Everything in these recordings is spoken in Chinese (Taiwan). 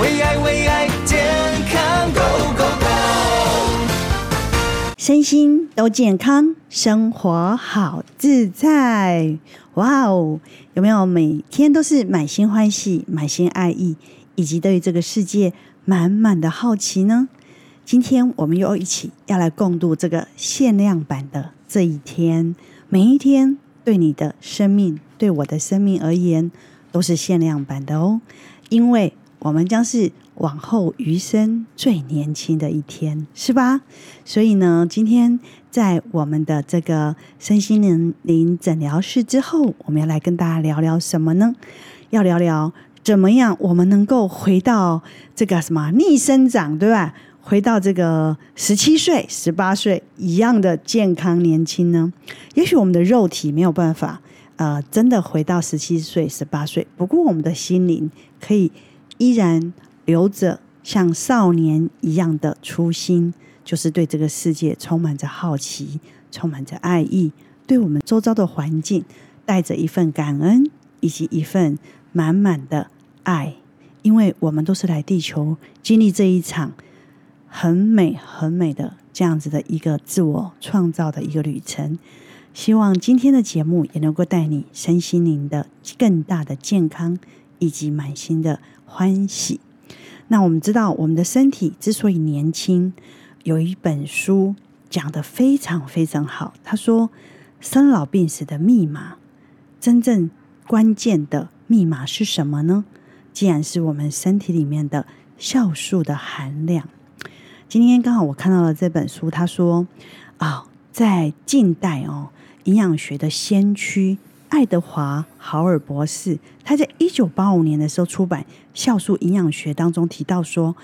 為愛，為愛，健康 Go, Go, Go 身心都健康，生活好自在。哇哦，有沒有每天都是滿心歡喜、滿心愛意，以及對這個世界滿滿的好奇呢？今天我們又一起要來共度這個限量版的這一天。每一天對你的生命、對我的生命而言，都是限量版的哦，因為，我們將是往後餘生最年輕的一天，是吧？所以呢，今天在我們的這個身心靈靈診診療室之後，我們要來跟大家聊聊什麼呢？要聊聊怎麼樣我們能夠回到這個什麼逆生長，對吧？回到這個十七歲、十八歲一樣的健康年輕呢？也許我們的肉體沒有辦法，呃，真的回到十七歲、十八歲，不過我們的心靈可以。依然留着像少年一樣的初心，就是對這個世界充滿着好奇，充滿着愛意，對我們周遭的環境帶着一份感恩以及一份滿滿的愛，因為我們都是來地球經歷這一場很美很美的這樣子的一個自我創造的一個旅程。希望今天的節目也能夠帶你身心靈的更大的健康以及滿心的。歡喜。那我們知道，我們的身體之所以年輕，有一本書講得非常非常好。他說，生老病死的密碼，真正關鍵的密碼是什麼呢？既然是我們身體裡面的酵素的含量。今天剛好我看到了這本書，他說啊、哦，在近代哦，營養學的先驅。愛德華豪爾博士，他在一九八五年的時候出版《酵素營養學》當中提到說，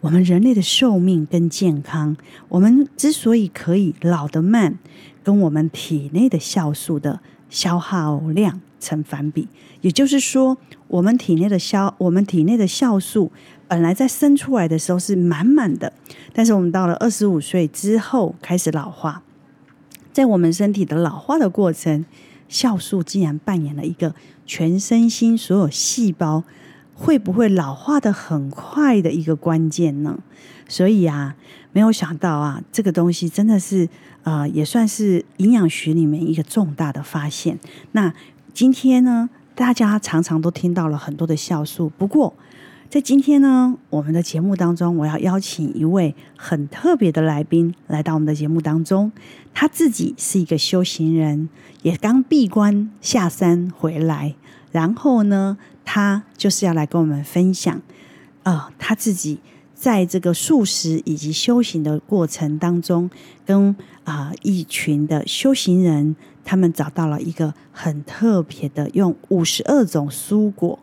我們人類的壽命跟健康，我們之所以可以老得慢，跟我們體內的酵素的消耗量成反比。也就是說，我們體內的酵我們體內的酵素本來在生出來的時候是滿滿的，但是我們到了二十五歲之後開始老化，在我們身體的老化的過程。酵素竟然扮演了一個全身心所有細胞會不會老化得很快的一個關鍵呢？所以啊，沒有想到啊，這個東西真的是啊、呃，也算是營養學裡面一個重大的發現。那今天呢，大家常常都聽到了很多的酵素，不過。在今天呢，我們的節目當中，我要邀請一位很特別的來賓來到我們的節目當中。他自己是一個修行人，也剛閉關下山回來。然後呢，他就是要來跟我們分享啊、呃，他自己在這個素食以及修行的過程當中，跟啊、呃、一群的修行人，他們找到了一個很特別的，用五十二種蔬果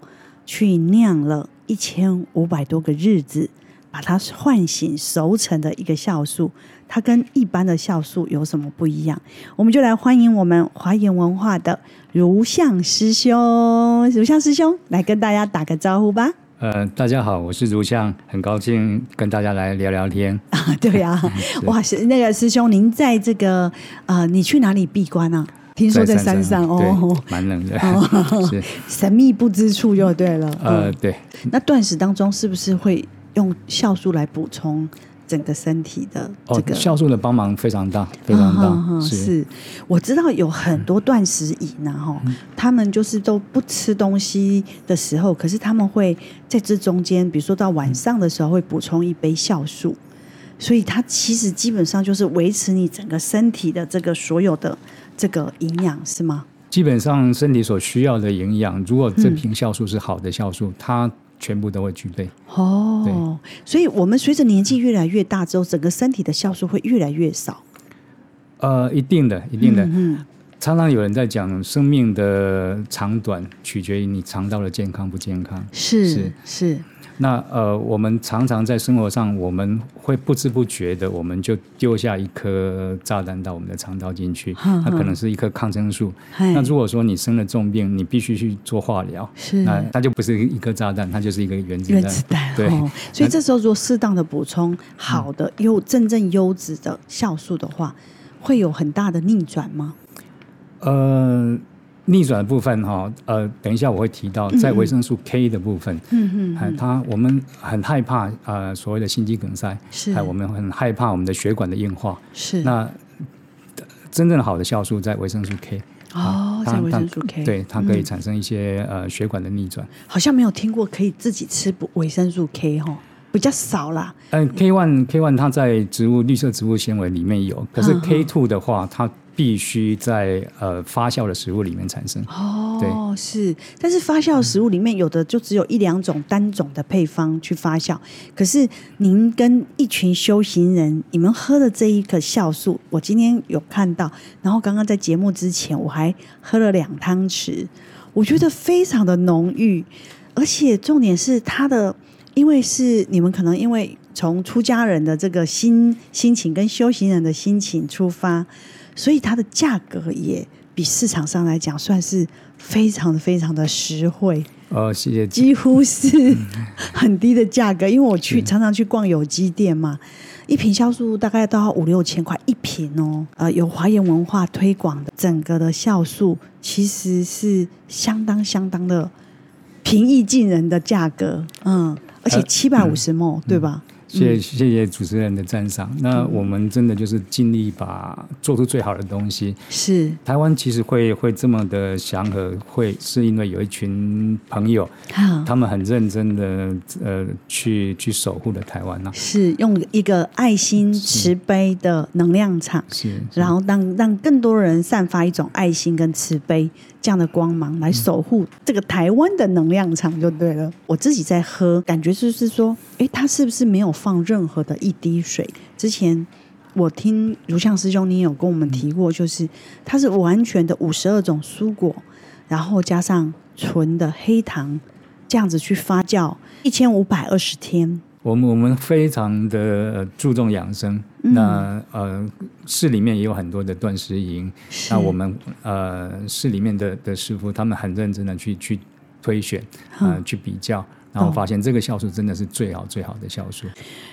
去釀了。一千五百多個日子，把它喚醒、熟成的一個酵素，它跟一般的酵素有什麼不一樣？我們就來歡迎我們華嚴文化的如相師兄，如相師兄來跟大家打個招呼吧。呃，大家好，我是如相，很高興跟大家來聊聊天。啊，對啊， 是哇，那個師兄，您在這個啊、呃，你去哪裡閉關呢、啊？聽說在山上哦，蠻冷的，神秘不知處就對了。呃，對。那斷食當中是不是會用酵素來補充整個身體的？哦，這個酵素的幫忙非常大，非常大。是，我知道有很多斷食飲啊，哈，他們就是都不吃東西的時候，可是他們會在這中間，比如說到晚上的時候會補充一杯酵素，所以它其實基本上就是維持你整個身體的這個所有的。這個營養是嗎？基本上身體所需要的營養，如果這瓶酵素是好的酵素，嗯，它全部都會具備。哦，對，所以我們隨着年紀越來越大之後，整個身體的酵素會越來越少。呃，一定的，一定的。嗯嗯，常常有人在講生命的長短，取決於你腸道的健康不健康。是是是。是是那呃，我們常常在生活上，我們會不知不覺的，我們就丟下一顆炸彈到我們的腸道進去。它、嗯嗯、可能是一顆抗生素。嘿那如果說你生了重病，你必須去做化療，是那它就不是一顆炸彈，它就是一個原子彈。原子彈對、哦。所以這時候如果適當的補充好的、嗯、又真正優質的酵素的話，會有很大的逆轉嗎？呃。逆轉的部分哈，呃，等一下我會提到，在維生素 K 的部分，嗯哼、嗯嗯、呃，它我們很害怕呃所謂的心肌梗塞，是，呃，我們很害怕我們的血管的硬化，是。那真正好的酵素在維生素 K、呃、哦，在維生素 K、嗯、對，它可以產生一些、嗯、呃、血管的逆轉。好像沒有聽過可以自己吃補維生素 K 哈，比較少啦。嗯、呃、K one K one 它在植物綠色植物纖維裡面有，可是 K two 的話、嗯、它。必須在呃發酵的食物裡面產生哦，對，是，但是發酵的食物裡面有的就只有一兩種單種的配方去發酵。嗯、可是您跟一群修行人，你們喝的這一個酵素，我今天有看到，然後剛剛在節目之前我還喝了兩湯匙，我覺得非常的濃郁，嗯、而且重點是它的。因為是你們可能因為從出家人的這個心心情跟修行人的心情出發，所以它的價格也比市場上來講算是非常非常的實惠。哦，謝謝。幾乎是很低的價格，因為我去常常去逛有機店嘛，一瓶酵素大概都要五六千塊一瓶哦。呃，有華嚴文化推廣的整個的酵素，其實是相當相當的平易近人的價格。嗯。而且七百五十畝，呃嗯、對吧？謝、嗯、謝謝主持人的讚賞。嗯、那我們真的就是盡力把做出最好的東西。是、嗯、台灣其實會會這麼的祥和，會是因為有一群朋友，嗯、他們很認真的呃去去守護了台灣呢。是用一個愛心慈悲的能量場，是，是，是然後讓讓更多人散發一種愛心跟慈悲。這樣的光芒來守護這個台灣的能量場就對了。我自己在喝，感覺就是說，誒，它是不是沒有放任何的一滴水？之前我聽如相師兄，你有跟我們提過，就是它是完全的五十二種蔬果，然後加上純的黑糖，這樣子去發酵一千五百二十天。我們我們非常的注重養生。嗯、那呃，市裡面也有很多的斷食營。是那我們呃，市裡面的的師傅他們很認真的去去推選，嗯、呃，去比較，嗯、然後發現這個酵素，真的是最好最好的酵素。哦、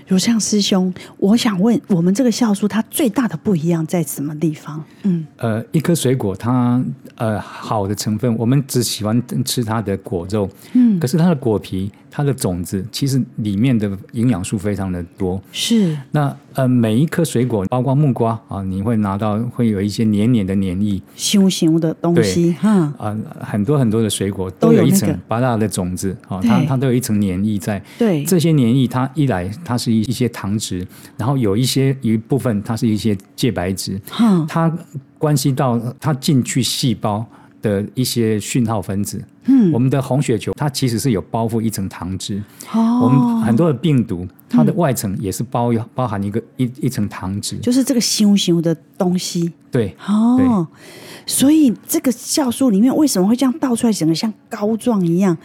如像師兄，我想問，我們這個酵素它最大的不一樣在什麼地方？嗯，呃，一顆水果它呃好的成分，我們只喜歡吃它的果肉，嗯，可是它的果皮。它的種子其實裡面的營養素非常的多，是。那呃，每一顆水果，包括木瓜啊，你會拿到會有一些黏黏的黏液，香香的東西，哈。啊、呃，很多很多的水果，嗯、都有一層巴達、那個、的種子，哈、啊，它它都有一層黏液在。對。這些黏液，它一來，它是一一些糖質，然後有一些一部分，它是一些芥白質哈，嗯、它關係到它進去細胞。的一些訊號分子，嗯，我們的紅血球它其實是有包覆一層糖脂，哦，我們很多的病毒它的外層也是包，嗯，包含一個一一層糖脂，就是這個形無形的東西，對，哦，所以這個酵素裡面為什麼會這樣倒出來整個像膏狀一樣？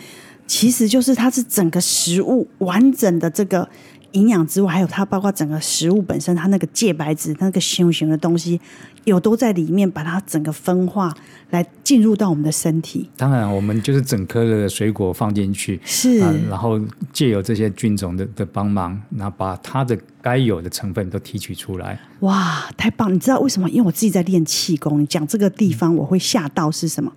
其實就是它是整個食物完整的這個。營養之外，還有它包括整個食物本身，它那個戒白質、那個熊熊的東西，有都在裡面，把它整個分化來進入到我們的身體。當然，我們就是整顆的水果放進去，是、啊，然後借由這些菌種的的幫忙，那把它的該有的成分都提取出來。哇，太棒！你知道為什麼？因為我自己在練氣功，你講這個地方、嗯、我會嚇到是什麼？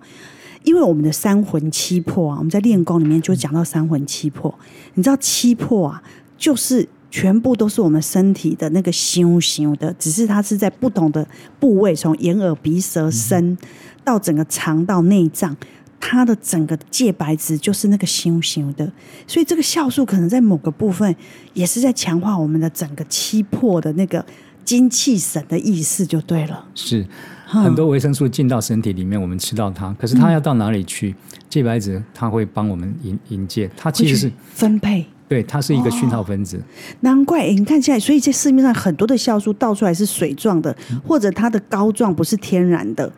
因為我們的三魂七魄啊，我們在練功裡面就講到三魂七魄，嗯、你知道七魄啊？就是全部都是我們身體的那個修行的，只是它是在不同的部位，從眼、耳、鼻、舌、身，到整個腸道、內臟，它的整個戒白質就是那個修行的。所以這個酵素可能在某個部分也是在強化我們的整個七魄的那個精氣神的意思，就對了。是很多維生素進到身體裡面，我們吃到它，可是它要到哪裡去？嗯、戒白質它會幫我們引引介，它其實是分配。對，它是一個訊號分子，哦、難怪你看起來，所以在市面上很多的酵素倒出來是水狀的，嗯、或者它的膏狀不是天然的，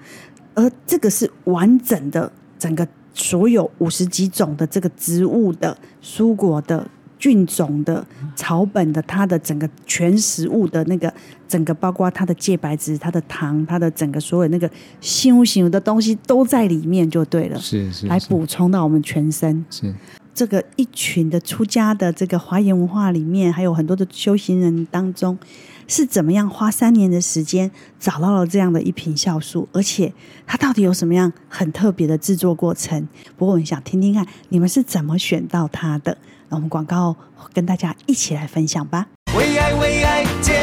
而這個是完整的，整個所有五十幾種的這個植物的蔬果的菌種的草本的，它的整個全食物的那個整個包括它的戒白質、它的糖、它的整個所有那個新行型的東西都在裡面就對了，是是，是來補充到我們全身是。這個一群的出家的這個華嚴文化裡面，還有很多的修行人當中，是怎麼樣花三年的時間找到了這樣的一瓶酵素？而且它到底有什麼樣很特別的製作過程？不過我們想聽聽看，你們是怎麼選到它的？那我們廣告跟大家一起來分享吧。為愛為愛健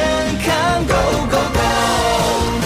康，Go Go Go，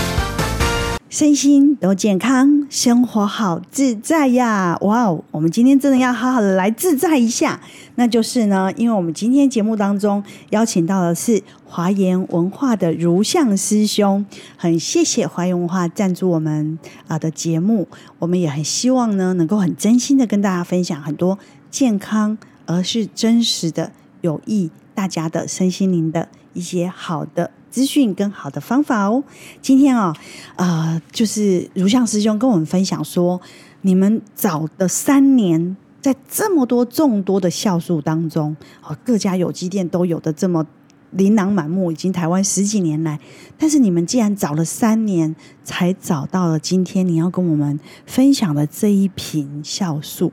身心都健康。生活好自在呀，哇哦！我們今天真的要好好的來自在一下，那就是呢，因為我們今天節目當中邀請到的是華嚴文化的如相師兄，很謝謝華嚴文化贊助我們啊的節目，我們也很希望呢，能夠很真心的跟大家分享很多健康，而是真實的有益大家的身心靈的一些好的。資訊跟好的方法哦。今天啊、哦，啊、呃，就是如像師兄跟我們分享說，你們找的三年，在這麼多眾多的酵素當中，啊，各家有機店都有的這麼琳琅滿目，已經台灣十幾年來，但是你們竟然找了三年才找到了今天你要跟我們分享的這一瓶酵素。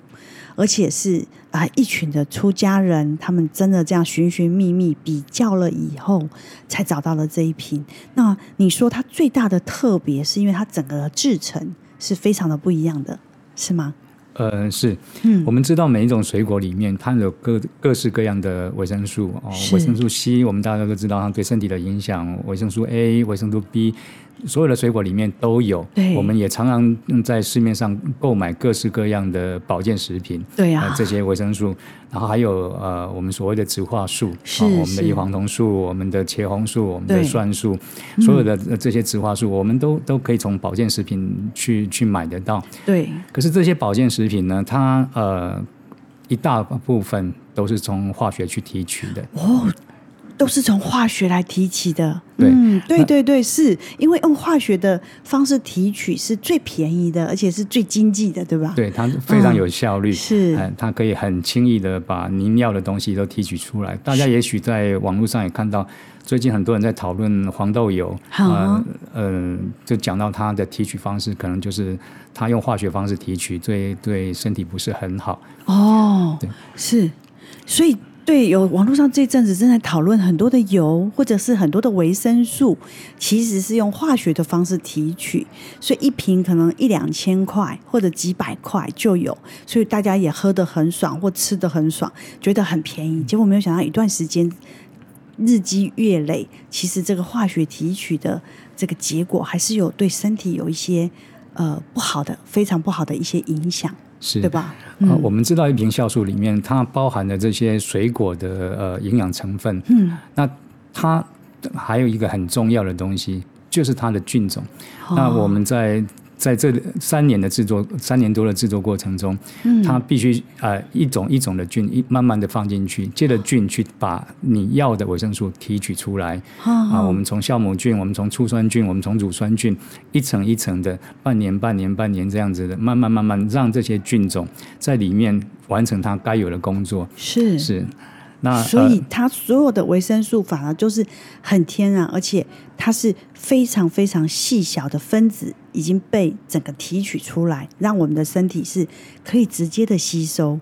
而且是啊，一群的出家人，他們真的這樣尋尋覓覓、比較了以後，才找到了這一瓶。那你說它最大的特別，是因為它整個的製程是非常的不一樣的是嗎？呃，是。嗯，我們知道每一種水果裡面，它有各各式各樣的維生素、哦、是維生素 C，我們大家都知道它對身體的影響，維生素 A、維生素 B。所有的水果裡面都有，對我們也常常在市面上購買各式各樣的保健食品。對呀、啊呃，這些維生素，然後還有呃，我們所謂的植化素，是是啊、我們的異黃，黃酮素、我們的茄紅素、我們的蒜素，對所有的這些植化素，嗯、我們都都可以從保健食品去去買得到。對，可是這些保健食品呢，它呃一大部分都是從化學去提取的。哦。都是從化學來提取的，對、嗯，對對對對，那是因為用化學的方式提取是最便宜的，而且是最經濟的，對吧？對，它非常有效率，嗯、是，它可以很輕易地把您要的東西都提取出來。大家也許在網絡上也看到，是最近很多人在討論黃豆油，嗯嗯，嗯，就講到它的提取方式，可能就是它用化學方式提取，對，對身體不是很好。哦，對，是，所以。對，有網絡上這陣子正在討論很多的油，或者是很多的維生素，其實是用化學的方式提取，所以一瓶可能一兩千塊或者幾百塊就有，所以大家也喝得很爽或吃得很爽，覺得很便宜。結果沒有想到一段時間，日積月累，其實這個化學提取的這個結果還是有對身體有一些。呃，不好的，非常不好的一些影響，是對吧？呃，我們知道一瓶酵素裡面它包含了這些水果的呃營養成分，嗯，那它還有一個很重要的東西，就是它的菌種。哦，那我們在。在這三年的製作，三年多的製作過程中，嗯、它必須啊、呃、一種一種的菌，一慢慢的放進去，借着菌去把你要的維生素提取出來。啊、哦呃，我們從酵母菌，我們從醋酸菌，我們從乳酸菌，一層一層的，半年、半年、半年這樣子的，慢慢慢慢讓這些菌種在裡面完成它該有的工作。是是。是那所以它所有的維生素反而就是很天然，而且它是非常非常細小的分子，已經被整個提取出來，讓我們的身體是可以直接的吸收。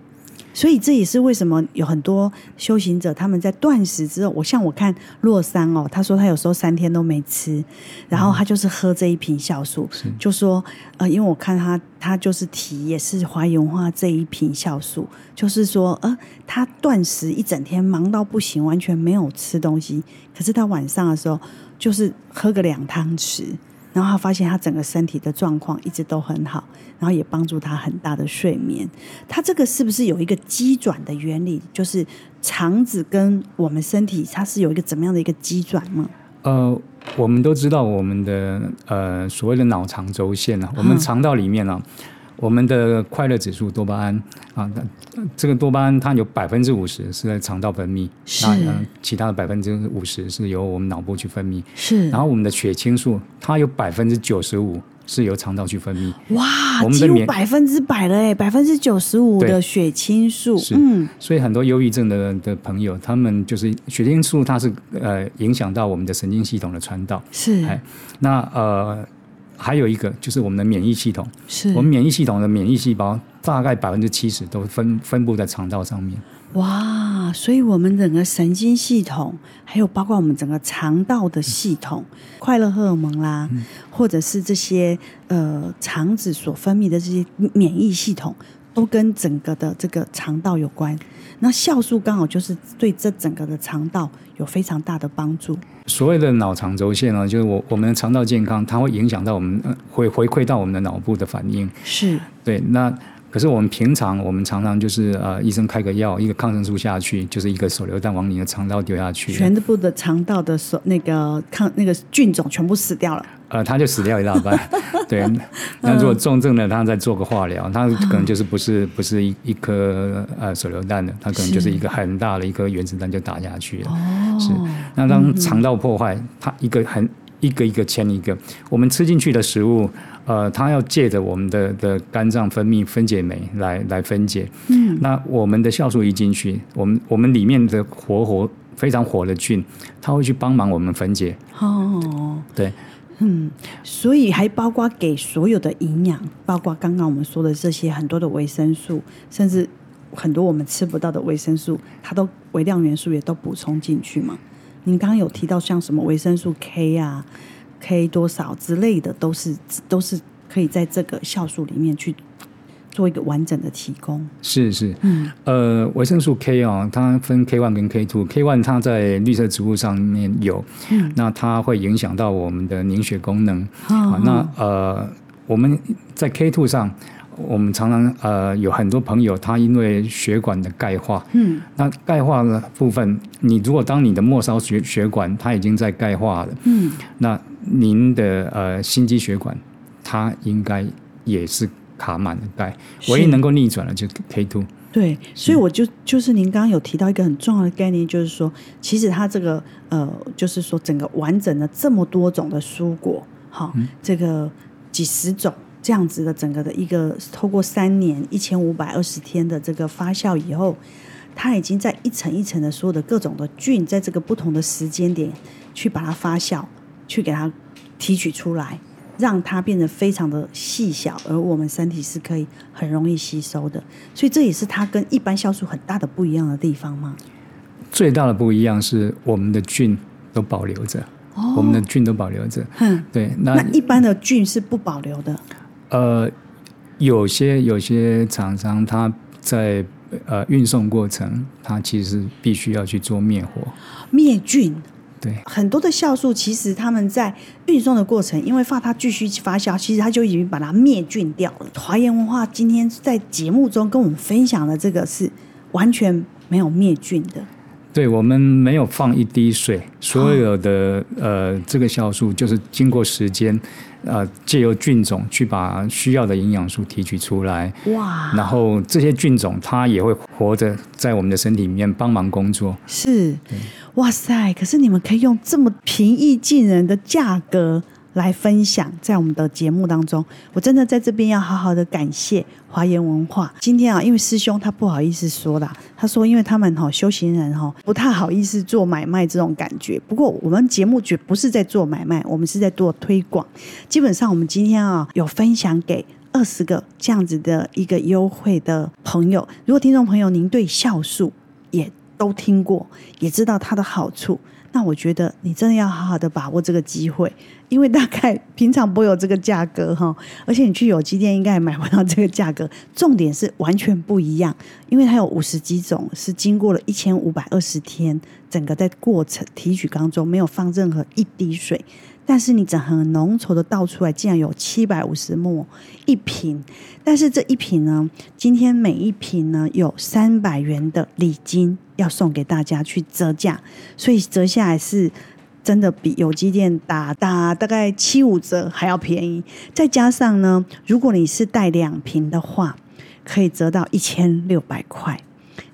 所以這也是為什麼有很多修行者他們在斷食之後，我像我看洛山哦，他說他有時候三天都沒吃，然後他就是喝這一瓶酵素，嗯、就說呃，因為我看他他就是提也是華嚴文化這一瓶酵素，就是說呃他斷食一整天忙到不行，完全沒有吃東西，可是他晚上的時候就是喝個兩湯匙。然後他發現他整個身體的狀況一直都很好，然後也幫助他很大的睡眠。他這個是不是有一個機轉的原理？就是腸子跟我們身體，它是有一個怎麼樣的一個機轉嗎？呃，我們都知道我們的呃所謂的腦腸軸線啊，我們腸道裡面呢，啊。嗯我們的快樂指數多巴胺啊，這個多巴胺它有百分之五十是在腸道分泌。是那呃、其他的百分之五十是由我們腦部去分泌，是。然後我們的血清素，它有百分之九十五是由腸道去分泌。哇，我們的幾乎百分之百了哎，百分之九十五的血清素對、嗯是，所以很多憂鬱症的的朋友，他們就是血清素，它是呃影響到我們的神經系統的傳導，是。那呃。還有一個就是我們的免疫系統，是，我們免疫系統的免疫細胞大概百分之七十都分分布在腸道上面。哇，所以我們整個神經系統，還有包括我們整個腸道的系統，嗯、快樂荷爾蒙啦，嗯、或者是這些呃腸子所分泌的這些免疫系統。都跟整個的這個腸道有關，那酵素剛好就是對這整個的腸道有非常大的幫助。所謂的腦腸軸線呢，就是我我們的腸道健康，它會影響到我們，會回饋到我們的腦部的反應。是，對，那。可是我們平常，我們常常就是呃，醫生開個藥，一個抗生素下去，就是一個手榴彈往你的腸道丟下去，全部的腸道的手、那個、抗、那個菌種全部死掉了。呃，他就死掉一大半。 對，那如果重症呢，他再做個化療，他可能就是不是不是一一顆呃手榴彈的，他可能就是一個很大的一顆原子彈就打下去了。是，是。那當腸道破壞，它一個很一個一個牽一個，我們吃進去的食物。呃，它要借着我們的的肝臟分泌分解酶，來來，來分解，嗯，那我們的酵素一進去，我們我們裡面的活活非常活的菌，它會去幫忙我們分解。哦，對，嗯，所以還包括給所有的營養，包括剛剛我們說的這些很多的維生素，甚至很多我們吃不到的維生素，它都微量元素也都補充進去嘛？您剛剛有提到像什麼維生素 K 啊？K 多少之類的都是都是可以在這個酵素裡面去做一個完整的提供。是是，嗯呃，維生素 K 哦，它分 K one 跟 K two，K one 它在綠色植物上面有，嗯，那它會影響到我們的凝血功能。嗯，那呃，我們在 K two 上。我們常常呃有很多朋友，他因為血管的鈣化，嗯，那鈣化的部分，你如果當你的末梢血血管它已經在鈣化了，嗯，那您的呃心肌血管它應該也是卡滿了鈣，是唯一能夠逆轉的就是 K2。對，是所以我就就是您剛剛有提到一個很重要的概念，就是說，其實它這個呃，就是說整個完整的這麼多種的蔬果，哦嗯、這個幾十種，這樣子的整個的一個，透過三年一千五百二十天的這個發酵以後，它已經在一層一層的所有的各種的菌，在這個不同的時間點去把它發酵，去給它提取出來，讓它變得非常的細小，而我們身體是可以很容易吸收的。所以這也是它跟一般酵素，很大的不一樣的地方嗎？最大的不一樣是我們的菌都保留着，哦，我們的菌都保留着。嗯，對。那那一般的菌是不保留的。呃，有些有些廠商他在呃運送過程，他其實必須要去做滅活滅菌。對，很多的酵素其實他們在運送的過程，因為放它繼續發酵，其實它就已經把它滅菌掉了。華嚴文化今天在節目中跟我們分享的這個是完全沒有滅菌的。對，我們沒有放一滴水，所有的、啊、呃這個酵素就是經過時間。呃，借由菌種去把需要的營養素提取出來，哇！然後這些菌種它也會活着在我們的身體裡面幫忙工作。是，對，哇塞！可是你們可以用這麼平易近人的價格。來分享在我們的節目當中，我真的在這邊要好好的感謝華嚴文化。今天啊，因為師兄他不好意思說啦，他說因為他們哈修行人哈、哦、不太好意思做買賣這種感覺。不過我們節目絕不是在做買賣，我們是在做推廣。基本上我們今天啊有分享給二十個這樣子的一個優惠的朋友。如果聽眾朋友您對酵素也都聽過，也知道它的好處。那我覺得你真的要好好的把握這個機會，因為大概平常不會有這個價格哈，而且你去有機店應該也買不到這個價格。重點是完全不一樣，因為它有五十幾種，是經過了一千五百二十天，整個在過程提取當中沒有放任何一滴水。但是你整很濃稠的倒出來，竟然有七百五十墨一瓶。但是這一瓶呢，今天每一瓶呢有三百元的禮金要送給大家去折價，所以折下來是真的比有機店打打大概七五折還要便宜。再加上呢，如果你是帶兩瓶的話，可以折到一千六百塊。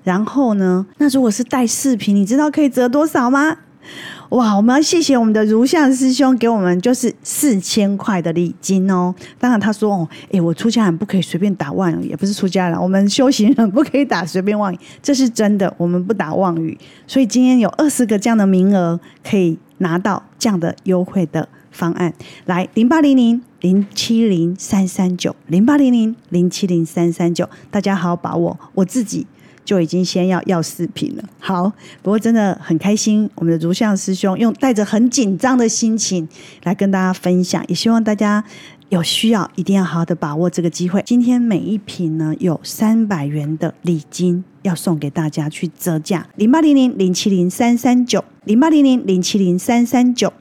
然後呢，那如果是帶四瓶，你知道可以折多少嗎？哇，我們要謝謝我們的如相師兄給我們就是四千塊的禮金哦。當然他說，哦，誒、欸，我出家人不可以隨便打妄語，也不是出家人，我們修行人不可以打隨便妄語，這是真的，我們不打妄語。所以今天有二十個這樣的名額可以拿到這樣的優惠的方案，來零八零零零七零三三九零八零零零七零三三九，0 0 9, 0 0 9, 大家好好把握，我自己，就已經先要要四瓶了。好，不過真的很開心，我們的如相師兄用帶着很緊張的心情來跟大家分享，也希望大家有需要一定要好好的把握這個機會。今天每一瓶呢，有三百元的禮金要送給大家去折價，零八零零零七零三三九，零八零零零七零三三九。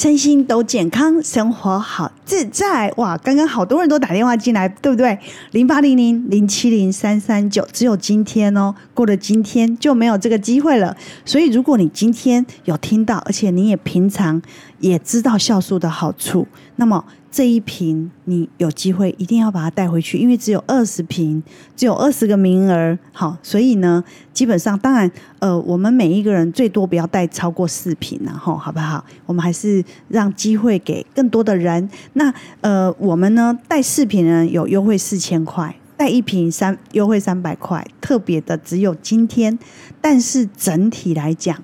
身心都健康，生活好自在。哇，剛剛好多人都打電話進來，對不對？零八零零零七零三三九，只有今天哦。過了今天就沒有這個機會了，所以如果你今天有聽到，而且你也平常也知道酵素的好處，那麼這一瓶你有機會一定要把它帶回去，因為只有二十瓶，只有二十個名額。好，所以呢，基本上當然，呃，我們每一個人最多不要帶超過四瓶，然後好不好？我們還是讓機會給更多的人。那呃，我們呢帶四瓶人有優惠四千塊。帶一瓶三優惠三百塊，特別的只有今天。但是整體來講，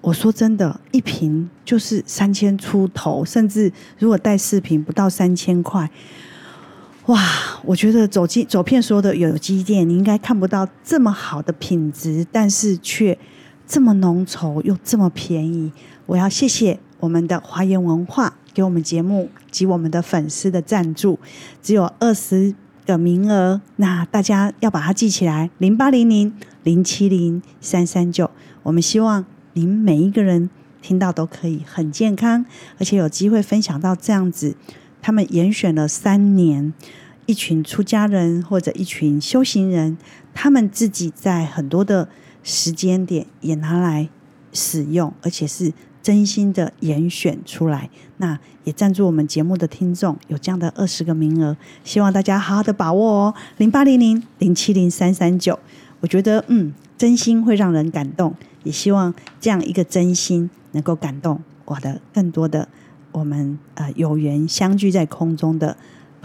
我說真的，一瓶就是三千出頭，甚至如果帶四瓶不到三千塊。哇，我覺得走機走片說的有機店，你應該看不到這麼好的品質，但是卻這麼濃稠又這麼便宜。我要謝謝我們的華嚴文化給我們節目及我們的粉絲的贊助，只有二十。的名額，那大家要把它記起來，零八零零零七零三三九。我們希望您每一個人聽到都可以很健康，而且有機會分享到這樣子。他們嚴選了三年，一群出家人或者一群修行人，他們自己在很多的時間點也拿來使用，而且是。真心的嚴選出來，那也贊助我們節目的聽眾有這樣的二十個名額，希望大家好好的把握哦。零八零零零七零三三九，我覺得嗯，真心會讓人感動，也希望這樣一個真心能夠感動我的更多的我們呃有緣相聚在空中的。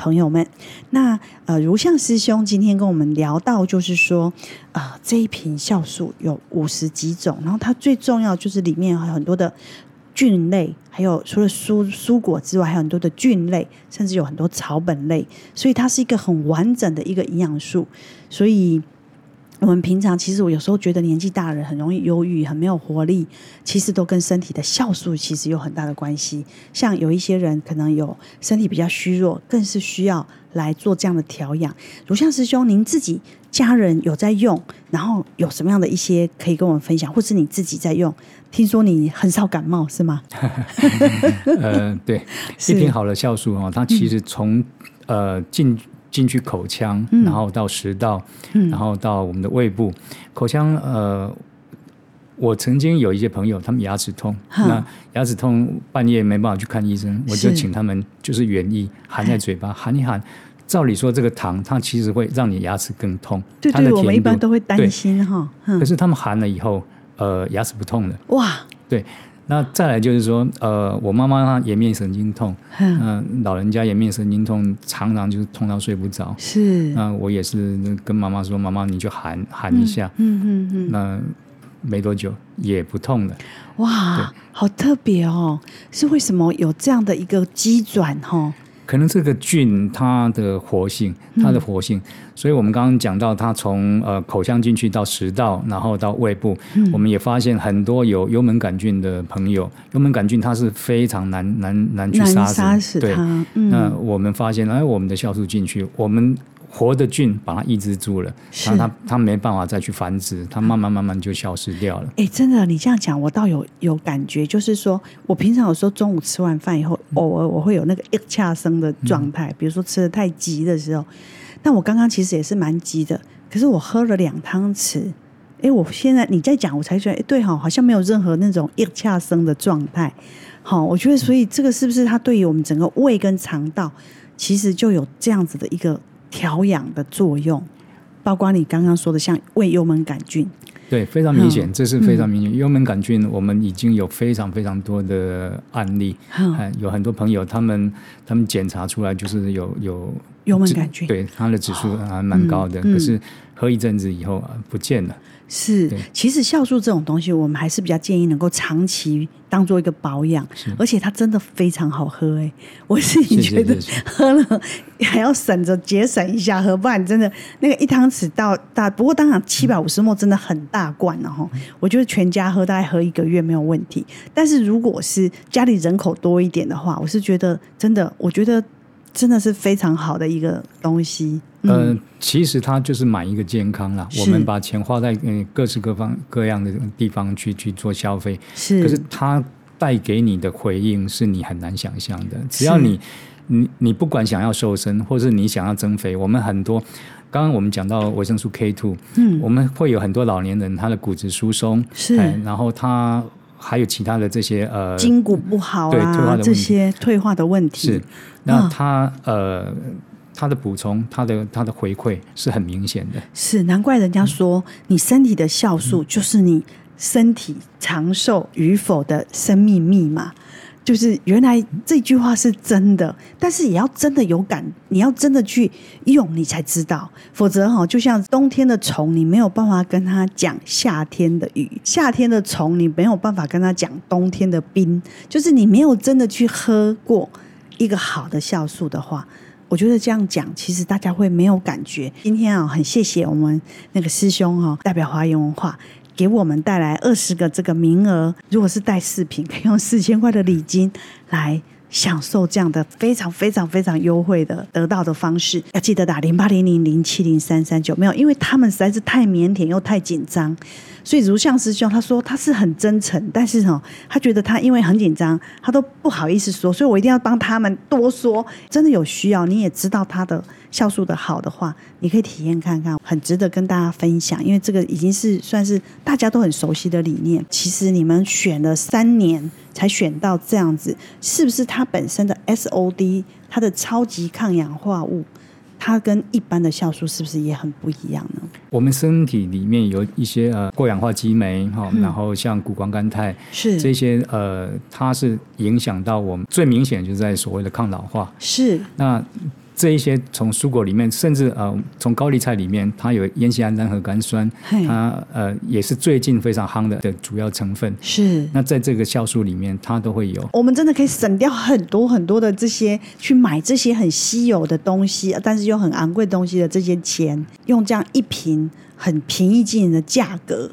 朋友們，那呃，如像師兄今天跟我們聊到，就是說，呃，這一瓶酵素有五十幾種，然後它最重要就是裡面還有很多的菌類，還有除了蔬蔬果之外，還有很多的菌類，甚至有很多草本類，所以它是一個很完整的一個營養素，所以。我們平常其實，我有時候覺得年紀大的人很容易憂鬱，很沒有活力，其實都跟身體的酵素其實有很大的關係。像有一些人可能有身體比較虛弱，更是需要來做這樣的調養。如像師兄，您自己家人有在用，然後有什麼樣的一些可以跟我們分享，或是你自己在用？聽說你很少感冒是嗎？嗯 呃，對，是挺好的酵素啊，它其實從、嗯、呃進。進去口腔，然後到食道，嗯、然後到我們的胃部。嗯、口腔，呃，我曾經有一些朋友，他們牙齒痛，嗯、那牙齒痛半夜沒辦法去看醫生，嗯、我就請他們就是原液含在嘴巴，含一含。照理說，這個糖它其實會讓你牙齒更痛，對，它的甜度，對，我們一般都會擔心哈。對嗯、可是他們含了以後，呃，牙齒不痛了。哇，對。那再來就是說，呃，我媽媽顏面神經痛，嗯哼、呃，老人家顏面神經痛，常常就是痛到睡不着。是，那、呃、我也是跟媽媽說，媽媽你就含含一下，嗯嗯嗯，嗯嗯，那沒多久也不痛了。哇，對好特別哦，是為什麼有這樣的一個急轉、哦？哈。可能這個菌它的活性，它的活性，嗯、所以我們剛剛講到它從呃口腔進去到食道，然後到胃部，嗯、我們也發現很多有幽門桿菌的朋友，幽門桿菌它是非常難難難去殺死，殺死對，嗯、那我們發現哎我們的酵素進去，我們。活的菌把它抑制住了，它它是沒辦法再去繁殖，它慢慢慢慢就消失掉了。哎，真的，你這樣講我倒有有感覺，就是說我平常有時候中午吃完飯以後，嗯、偶爾我會有那個噎嗆聲的狀態，比如說吃的太急的時候。嗯、但我剛剛其實也是蠻急的，可是我喝了兩湯匙，哎，我現在你在講我才覺得，哎，對哈、哦，好像沒有任何那種噎嗆聲的狀態。好、哦，我覺得所以這個是不是它對於我們整個胃跟腸道其實就有這樣子的一個。調養的作用，包括你剛剛說的，像胃幽門桿菌，對，非常明顯，嗯、這是非常明顯。幽門桿菌，我們已經有非常非常多的案例，嗯嗯、有很多朋友，他們他們檢查出來就是有有幽門桿菌，對，它的指數還蠻高的，哦嗯、可是。嗯喝一陣子以後不見了。是，對其實酵素這種東西，我們還是比較建議能夠長期當做一個保養，是而且它真的非常好喝，欸。哎，我自己覺得是是是是喝了還要省着節省一下喝，不然真的那個一湯匙到大，不過當然七百五十 ml 真的很大罐了哈。嗯、我覺得全家喝大概喝一個月沒有問題，但是如果是家裡人口多一點的話，我是覺得真的，我覺得。真的是非常好的一個東西。嗯，呃、其實它就是買一個健康啦。是我們把錢花在嗯、呃、各式各方各樣的地方去去做消費，是。可是它帶給你的回應是你很難想象的。只要你，是你你不管想要瘦身，或是你想要增肥，我們很多剛剛我們講到維生素 K two，嗯，我們會有很多老年人他的骨質疏鬆，是、呃。然後他。還有其他的這些呃，筋骨不好、啊、對，這些退化的問題是。那他、哦、呃，他的補充，他的他的回饋是很明顯的。是難怪人家說，嗯、你身體的酵素就是你身體長壽與否的生命密碼。就是原來這句話是真的，但是也要真的有感，你要真的去用，你才知道。否則哈，就像冬天的蟲，你沒有辦法跟他講夏天的雨；夏天的蟲，你沒有辦法跟他講冬天的冰。就是你沒有真的去喝過一個好的酵素的話，我覺得這樣講，其實大家會沒有感覺。今天啊，很謝謝我們那個師兄哈，代表華嚴文化。給我們帶來二十個這個名額，如果是帶飾品，可以用四千塊的禮金來。享受這樣的非常非常非常優惠的得到的方式，要記得打零八零零零七零三三九。0 800, 0 70, 9, 沒有，因為他們實在是太靦腆又太緊張，所以如相師兄他說他是很真誠，但是哦，他覺得他因為很緊張，他都不好意思說，所以我一定要幫他們多說。真的有需要，你也知道他的酵素的好的話，你可以體驗看看，很值得跟大家分享，因為這個已經是算是大家都很熟悉的理念。其實你們選了三年。才選到這樣子，是不是它本身的 SOD，它的超級抗氧化物，它跟一般的酵素是不是也很不一樣呢？我們身體裡面有一些呃過氧化激酶哈，哦嗯、然後像谷胱甘肽是這些呃，它是影響到我們最明顯，就是在所謂的抗老化是那。這一些從蔬果裡面，甚至呃從高麗菜裡面，它有菸酰胺單核苷酸，嘿它呃也是最近非常夯的的主要成分。是。那在這個酵素裡面，它都會有。我們真的可以省掉很多很多的這些去買這些很稀有的東西，但是又很昂貴的東西的這些錢，用這樣一瓶。很平易近人的價格，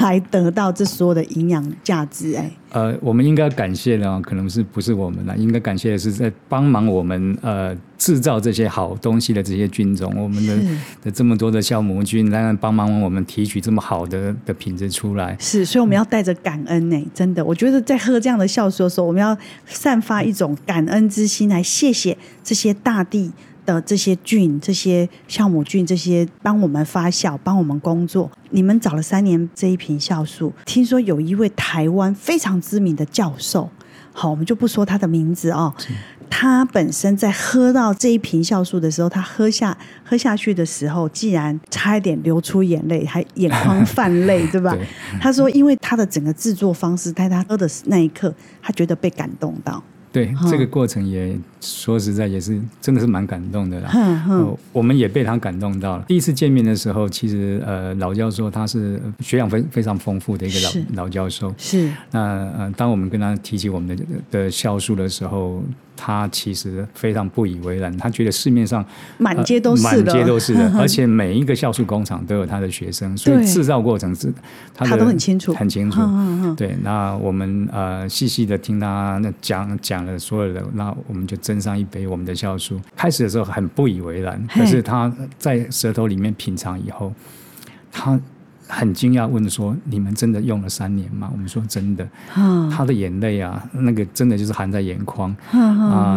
來得到這所有的營養價值。哎，呃，我們應該感謝的啊，可能是不是我們了？應該感謝的是在幫忙我們呃製造這些好東西的這些菌種，我們的的是這麼多的酵母菌來幫忙我們提取這麼好的的品質出來。是，所以我們要帶着感恩呢。嗯、真的，我覺得在喝這樣的酵素的時候，我們要散發一種感恩之心，嗯、來謝謝這些大地。呃，這些菌，這些酵母菌，這些幫我們發酵、幫我們工作。你們找了三年這一瓶酵素，聽說有一位台灣非常知名的教授，好，我們就不說他的名字哦。是他本身在喝到這一瓶酵素的時候，他喝下喝下去的時候，竟然差一點流出眼淚，還眼眶泛淚，對吧？ 對。他說，因為他的整個制作方式，在他喝的那一刻，他覺得被感動到。對、嗯、這個過程也說實在也是真的是蠻感動的啦，嗯嗯呃，我們也被他感動到了。第一次見面的時候，其實呃老教授他是學養非非常豐富的一個老是老教授，是那呃當我們跟他提起我們的的酵素的時候。他其實非常不以為然，他覺得市面上滿街都是，滿街都是的，而且每一個酵素工廠都有他的學生，對所以製造過程是他，他都很清楚，很清楚。呵呵呵對，那我們呃細細的聽他那講講了所有的，那我們就斟上一杯我們的酵素。開始的時候很不以為然，嘿可是他在舌頭裡面品嘗以後，他。很驚訝，問說：“你們真的用了三年嗎？”我們說：“真的。”他的眼淚啊，那個真的就是含在眼眶啊，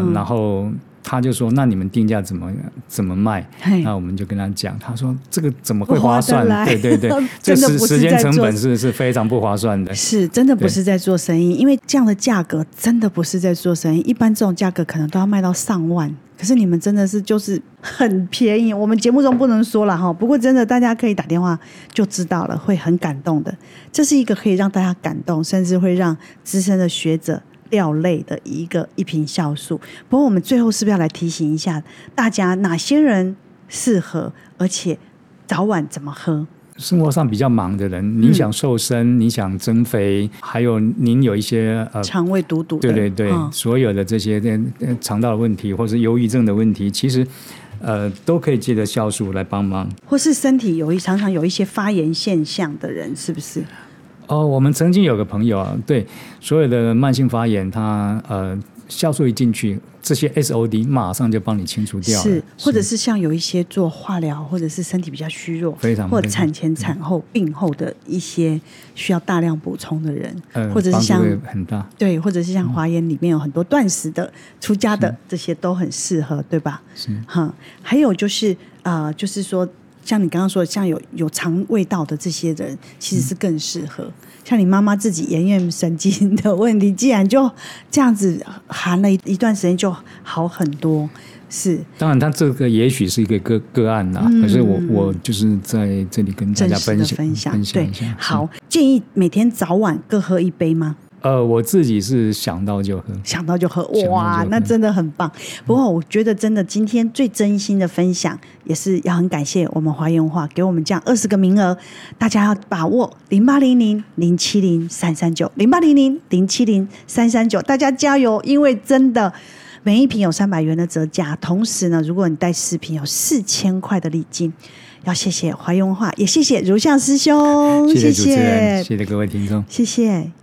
呃，然後。他就說：“那你們定價怎麼怎麼賣？”嘿那我們就跟他講，他說：“這個怎麼會划算？花對對對，這是時間成本是是非常不划算的，是真的不是在做生意，對因為這樣的價格真的不是在做生意。一般這種價格可能都要賣到上萬，可是你們真的是就是很便宜。我們節目中不能說了哈，不過真的大家可以打電話就知道了，會很感動的。這是一個可以讓大家感動，甚至會讓資深的學者。”料類的一個一瓶酵素，不過我們最後是不是要來提醒一下大家，哪些人適合，而且早晚怎麼喝？生活上比較忙的人，嗯、你想瘦身，你想增肥，還有您有一些、呃、腸胃堵堵，對對對，哦、所有的這些呃腸道的問題，或是憂鬱症的問題，其實呃都可以借着酵素來幫忙，或是身體有一常常有一些發炎現象的人，是不是？哦，oh, 我們曾經有個朋友啊，對所有的慢性發炎他，他呃，酵素一進去，這些 SOD 馬上就幫你清除掉了。是，是或者是像有一些做化療，或者是身體比較虛弱，非常,非常，或者產前、產後、病後的一些需要大量補充的人，呃、或者是像很大，對，或者是像華嚴裡面有很多斷食的、哦、出家的，這些都很適合，對吧？是，哈、嗯，還有就是啊、呃，就是說。像你剛剛說的，像有有腸胃道的這些人，其實是更適合。嗯、像你媽媽自己顏面神經的問題，既然就這樣子含了一段時間就好很多，是。當然，它這個也許是一個個個案吶，可、嗯、是我我就是在這裡跟大家分享分享，分享一下對，好，嗯、建議每天早晚各喝一杯嗎？呃，我自己是想到就喝，想到就喝，哇，那真的很棒。不過，我覺得真的今天最真心的分享，也是要很感謝我們華嚴文化給我們這樣二十個名額，大家要把握零八零零零七零三三九零八零零零七零三三九，大家加油！因為真的每一瓶有三百元的折價，同時呢，如果你帶四瓶，有四千塊的禮金。要謝謝華嚴文化，也謝謝如相師兄，謝謝謝謝，謝謝各位聽眾，謝謝。